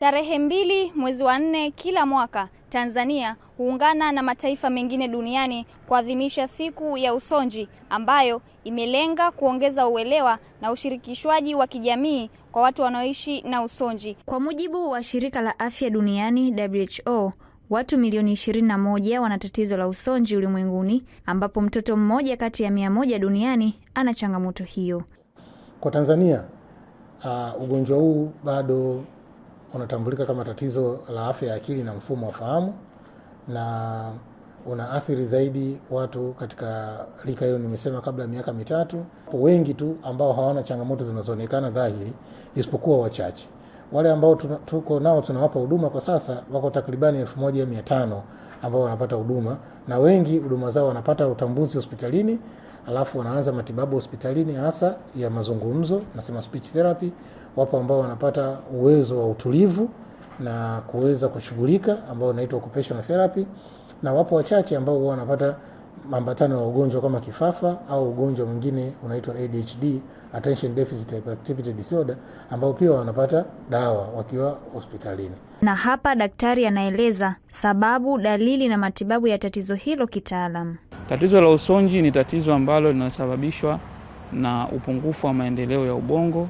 Tarehe mbili mwezi wa nne kila mwaka Tanzania huungana na mataifa mengine duniani kuadhimisha siku ya usonji ambayo imelenga kuongeza uelewa na ushirikishwaji wa kijamii kwa watu wanaoishi na usonji. Kwa mujibu wa shirika la afya duniani WHO, watu milioni 21 wana tatizo la usonji ulimwenguni, ambapo mtoto mmoja kati ya mia moja duniani ana changamoto hiyo. Kwa Tanzania uh, ugonjwa huu bado unatambulika kama tatizo la afya ya akili na mfumo wa fahamu na unaathiri zaidi watu katika rika hilo, nimesema kabla ya miaka mitatu. Wengi tu ambao hawana changamoto zinazoonekana dhahiri, isipokuwa wachache. Wale ambao tuko nao tunawapa huduma kwa sasa wako takribani elfu moja mia tano ambao wanapata huduma, na wengi huduma zao wanapata utambuzi hospitalini alafu wanaanza matibabu hospitalini hasa ya mazungumzo, nasema speech therapy. Wapo ambao wanapata uwezo wa utulivu na kuweza kushughulika, ambao unaitwa occupational therapy, na wapo wachache ambao huwa wanapata mambatano ya ugonjwa kama kifafa au ugonjwa mwingine unaitwa ADHD attention deficit hyperactivity disorder ambao pia wanapata dawa wakiwa hospitalini. Na hapa daktari anaeleza sababu, dalili na matibabu ya tatizo hilo kitaalamu. Tatizo la usonji ni tatizo ambalo linasababishwa na upungufu wa maendeleo ya ubongo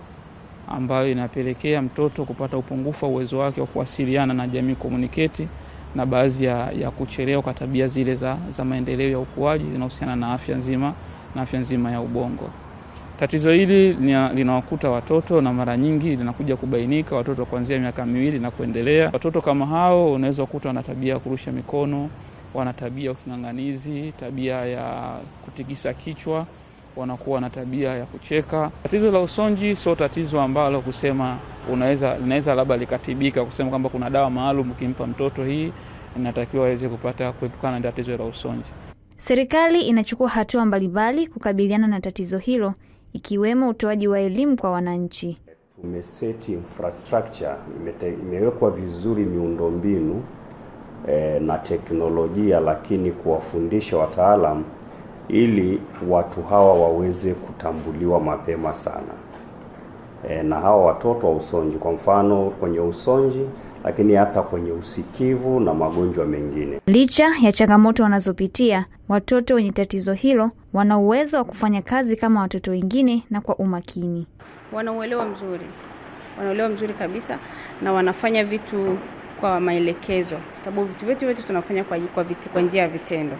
ambayo inapelekea mtoto kupata upungufu wa uwezo wake wa kuwasiliana na jamii komuniketi na baadhi ya, ya kuchelewa kwa tabia zile za, za maendeleo ya ukuaji zinahusiana na afya nzima na afya nzima ya ubongo. Tatizo hili linawakuta watoto na mara nyingi linakuja kubainika watoto kuanzia miaka miwili na kuendelea. Watoto kama hao unaweza kukuta wana tabia ya kurusha mikono, wana tabia ya uking'ang'anizi, tabia ya kutikisa kichwa, wanakuwa na tabia ya kucheka. Tatizo la usonji sio tatizo ambalo kusema unaweza linaweza labda likatibika kusema kwamba kuna dawa maalum ukimpa mtoto hii inatakiwa aweze kupata kuepukana na tatizo la usonji. Serikali inachukua hatua mbalimbali kukabiliana na tatizo hilo ikiwemo utoaji wa elimu kwa wananchi. Tumeseti infrastructure, imewekwa vizuri miundombinu eh, na teknolojia, lakini kuwafundisha wataalamu ili watu hawa waweze kutambuliwa mapema sana e, na hawa watoto wa usonji, kwa mfano kwenye usonji lakini hata kwenye usikivu na magonjwa mengine. Licha ya changamoto wanazopitia, watoto wenye tatizo hilo wana uwezo wa kufanya kazi kama watoto wengine na kwa umakini. Wanauelewa mzuri, wanauelewa mzuri kabisa, na wanafanya vitu kwa maelekezo, sababu vitu vyetu vyetu tunafanya kwa, kwa, kwa njia ya vitendo.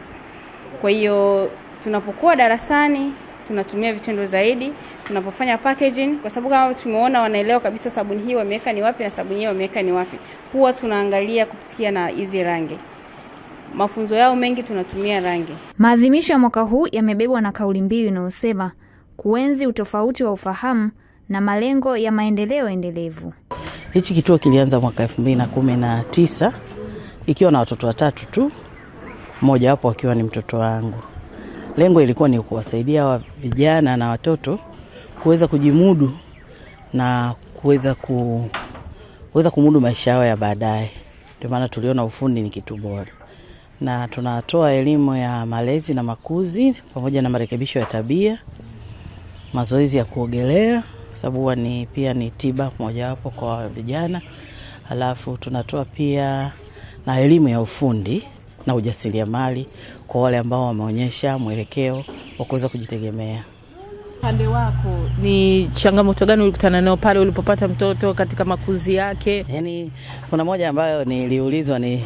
Kwa hiyo tunapokuwa darasani tunatumia vitendo zaidi tunapofanya packaging, kwa sababu kama tumeona wanaelewa kabisa sabuni hii wameweka ni wapi na sabuni hii wameweka ni wapi, huwa tunaangalia kupitia na hizi rangi mafunzo yao mengi tunatumia rangi. Maadhimisho ya mwaka huu yamebebwa na kauli mbiu inayosema kuenzi utofauti wa ufahamu na malengo ya maendeleo endelevu. Hichi kituo kilianza mwaka elfu mbili na kumi na tisa ikiwa na watoto watatu tu, mmoja wapo akiwa ni mtoto wangu. wa Lengo ilikuwa ni kuwasaidia wa vijana na watoto kuweza kujimudu na kuweza ku, kuweza kumudu maisha yao ya baadaye. Ndio maana tuliona ufundi ni kitu bora, na tunatoa elimu ya malezi na makuzi pamoja na marekebisho ya tabia, mazoezi ya kuogelea sababu ni pia ni tiba mojawapo kwa vijana, halafu tunatoa pia na elimu ya ufundi na ujasiriamali kwa wale ambao wameonyesha mwelekeo wa kuweza kujitegemea. Upande wako ni changamoto gani ulikutana nayo pale ulipopata mtoto katika makuzi yake? Yaani, kuna moja ambayo niliulizwa ni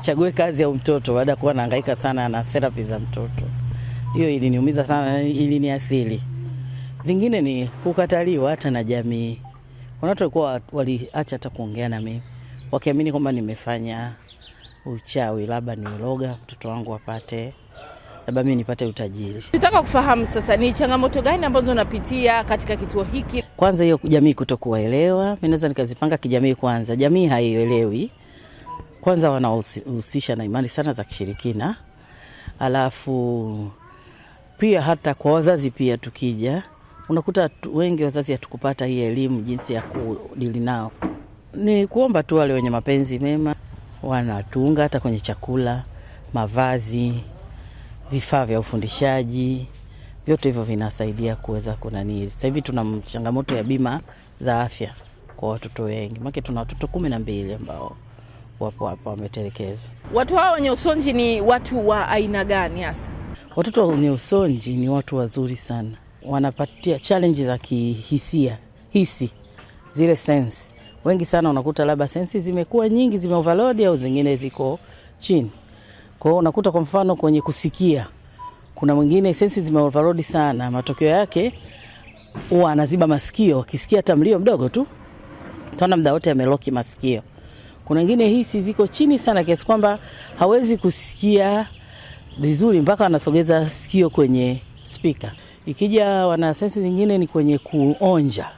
chague kazi ya mtoto baada ya kuwa naangaika sana na therapy za mtoto. Hiyo iliniumiza sana, iliniathiri. Zingine ni kukataliwa hata na jamii. Kuna watu walikuwa waliacha hata kuongea na mimi wakiamini kwamba nimefanya uchawi, labda ni uloga, mtoto wangu apate labda mimi nipate utajiri. Nataka kufahamu sasa ni changamoto gani ambazo unapitia katika kituo hiki. Kwanza hiyo jamii kutokuwaelewa, mimi naweza nikazipanga kijamii. Kwanza jamii haielewi, kwanza wanahusisha na imani sana za kishirikina, alafu pia hata kwa wazazi pia tukija unakuta wengi wazazi hatukupata hii elimu jinsi ya kudili nao. Ni kuomba tu wale wenye mapenzi mema wanatunga hata kwenye chakula, mavazi, vifaa vya ufundishaji, vyote hivyo vinasaidia kuweza kunanii. Sasa hivi tuna changamoto ya bima za afya kwa watoto wengi, maana tuna watoto kumi na mbili ambao wapo hapa wametelekezwa. Watu hawa wenye usonji ni watu wa aina gani hasa? Watoto wenye usonji ni watu wazuri sana, wanapatia challenge za kihisia, hisi zile sense wengi sana unakuta labda sensi zimekuwa nyingi, zime overload au zingine ziko chini. Kwa hiyo unakuta kwa mfano kwenye kusikia kuna mwingine sensi zime overload sana, matokeo yake huwa anaziba masikio, akisikia hata mlio mdogo tu tuna muda wote ameloki masikio. Kuna wengine hisi ziko chini sana kiasi kwamba hawezi kusikia vizuri mpaka anasogeza sikio kwenye spika. Ikija wana sensi zingine ni kwenye kuonja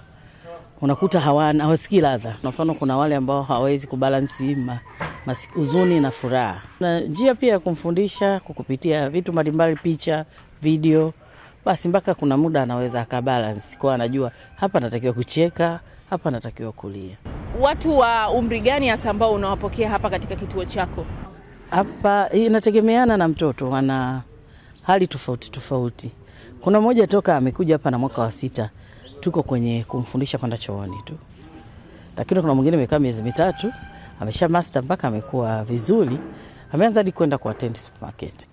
unakuta hawana hawasikii ladha. Kwa mfano, kuna wale ambao hawawezi kubalansi ma, mas, uzuni na furaha, na njia pia ya kumfundisha kwa kupitia vitu mbalimbali, picha, video, basi mpaka kuna muda anaweza akabalansi, kwa anajua hapa anatakiwa kucheka, hapa anatakiwa kulia. Watu wa umri gani hasa ambao unawapokea hapa katika kituo chako? Hapa inategemeana na mtoto, ana hali tofauti tofauti. Kuna mmoja toka amekuja hapa na mwaka wa sita tuko kwenye kumfundisha kwenda chooni tu, lakini kuna mwingine amekaa miezi mitatu amesha master mpaka amekuwa vizuri, ameanza hadi kwenda kuattend supermarket.